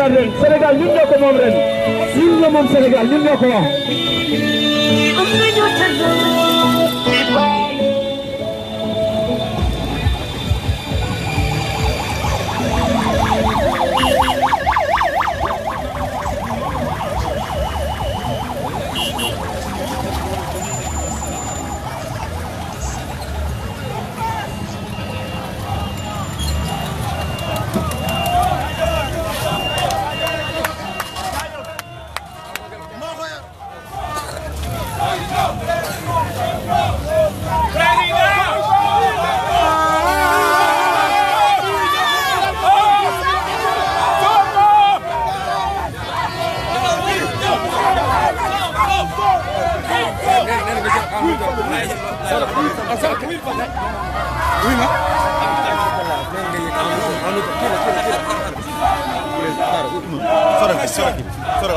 Sénégal ren Sénégal ñun ñoo ko moom ren ñun ñoo moom Sénégal ñun ñoo ko wax. Oui, ma. Sarı, sarı, sarı.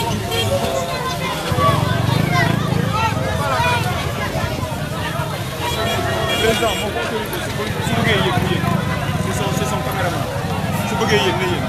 président moo ko autorisé su bëggee yéeg mu yéeg c'est son c'est son caméraman su bëggee yéeg na yéeg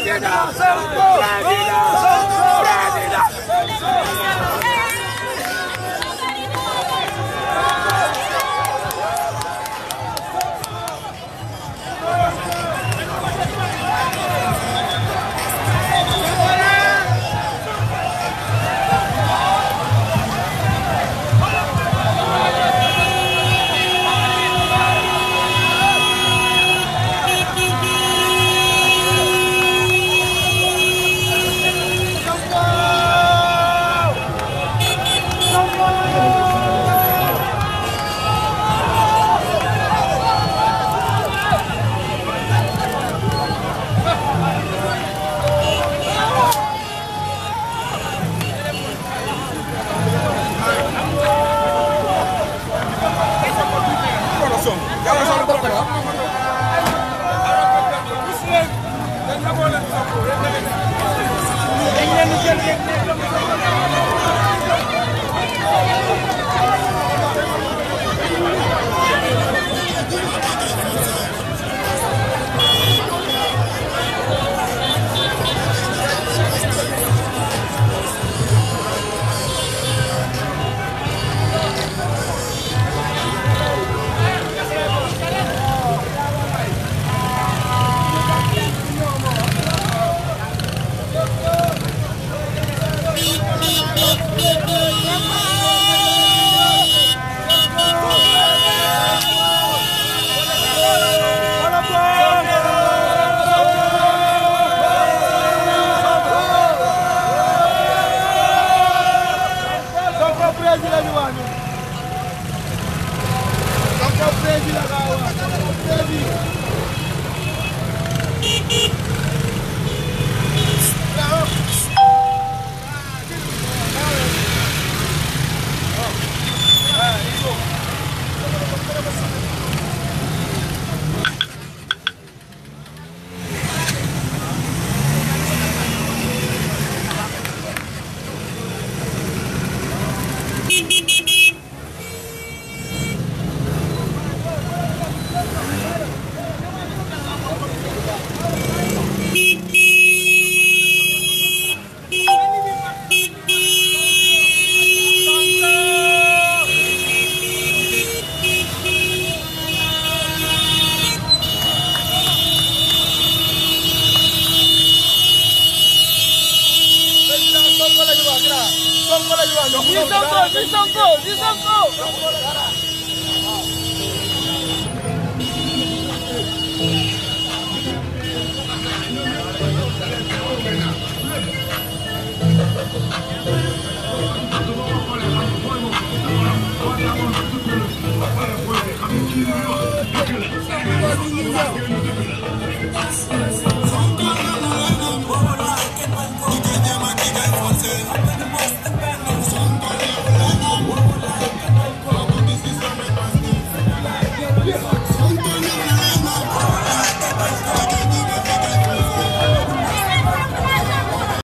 大家好。Thank you.